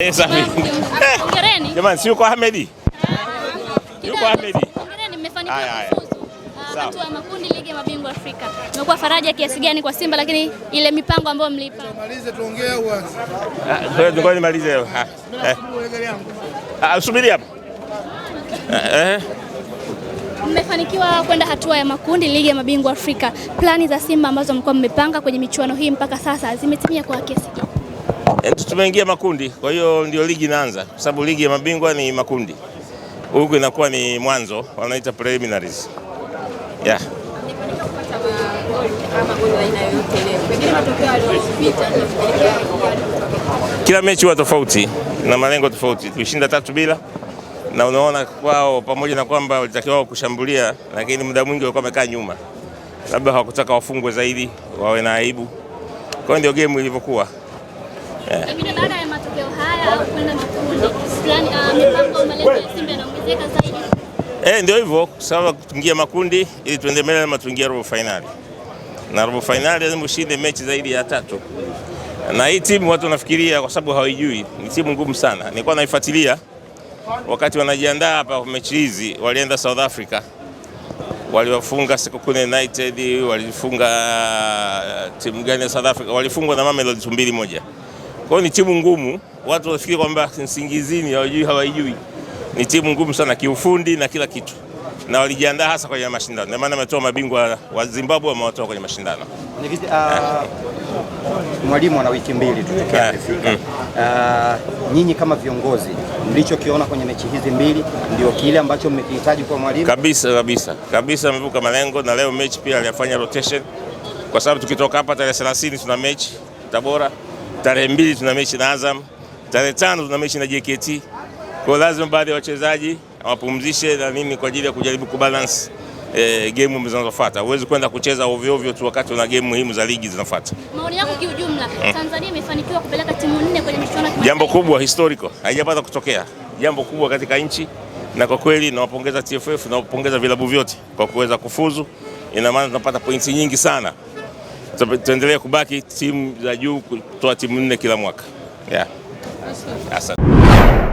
Jamani, si ah, yuko Ahmed? Yuko Ahmed. Wakati ya makundi ligi ya mabingwa Afrika imekuwa faraja kiasi gani kwa Simba, lakini ile mipango ambayo mlipa? tuongee uanze. Ah, ngoja nimalize. Ah, eh. Subiri hapo. Eh, eh. Mmefanikiwa kwenda hatua ya makundi ligi ya mabingwa Afrika, plani za Simba ambazo mlikuwa mmepanga kwenye michuano hii mpaka sasa zimetimia kwa kiasi gani? Eh, tumeingia makundi, kwa hiyo ndio ligi inaanza, kwa sababu ligi ya mabingwa ni makundi, huku inakuwa ni mwanzo, wanaita preliminaries yeah. Kila mechi huwa tofauti na malengo tofauti, tulishinda tatu bila na unaona kwao, pamoja na kwamba walitakiwa kushambulia, lakini muda mwingi walikuwa wamekaa nyuma, labda hawakutaka wafungwe zaidi, wawe na aibu. Kwa hiyo ndio game ilivyokuwa. Pengine baada ya matokeo haya kwenda makundi fulani, ah, mipango malengo ya Simba yanaongezeka zaidi. Eh, ndio hivyo sawa, kuingia makundi ili tuende mbele ama tuingie robo finali. Na robo finali lazima ushinde mechi zaidi ya tatu. Na hii timu watu wanafikiria kwa sababu hawajui, ni timu ngumu sana. Nilikuwa naifuatilia wakati wanajiandaa hapa kwa mechi hizi, walienda South Africa waliwafunga Sekokune United, walifunga ah, timu gani ya South Africa? Walifungwa na Mamelodi mbili moja. Kwa hiyo ni timu ngumu, watu wafikiri kwamba Nsingizini hawajui, hawajui. Ni timu ngumu sana kiufundi na kila kitu, na walijiandaa hasa kwenye mashindano, ndio maana wametoa mabingwa wa Zimbabwe, wamewatoa kwenye mashindano. Ah, mwalimu ana wiki mbili tu pekee eh, amefika. Uh, nyinyi kama viongozi mlichokiona kwenye mechi hizi mbili ndio kile ambacho mmekihitaji kwa mwalimu kabisa kabisa kabisa. Amevuka malengo na leo mechi pia aliyafanya rotation, kwa sababu tukitoka hapa tarehe 30 tuna mechi Tabora tarehe mbili tuna mechi na Azam, tarehe tano tuna mechi na JKT. Kwa lazima baadhi ya wachezaji wapumzishe na nini kwa ajili ya kujaribu kubalance E, game zinazofuata huwezi kwenda kucheza ovyo ovyo tu wakati una game muhimu za ligi zinafuata. Maoni yako kiujumla, mm. Tanzania imefanikiwa kupeleka timu nne kwenye michuano, jambo kubwa historical, haijapata kutokea, jambo kubwa katika nchi, na kwa kweli nawapongeza TFF na vilabu vyote kwa kuweza kufuzu. Ina maana tunapata pointi nyingi sana tutaendelea kubaki timu za juu kutoa timu nne kila mwaka. Yeah. Asante.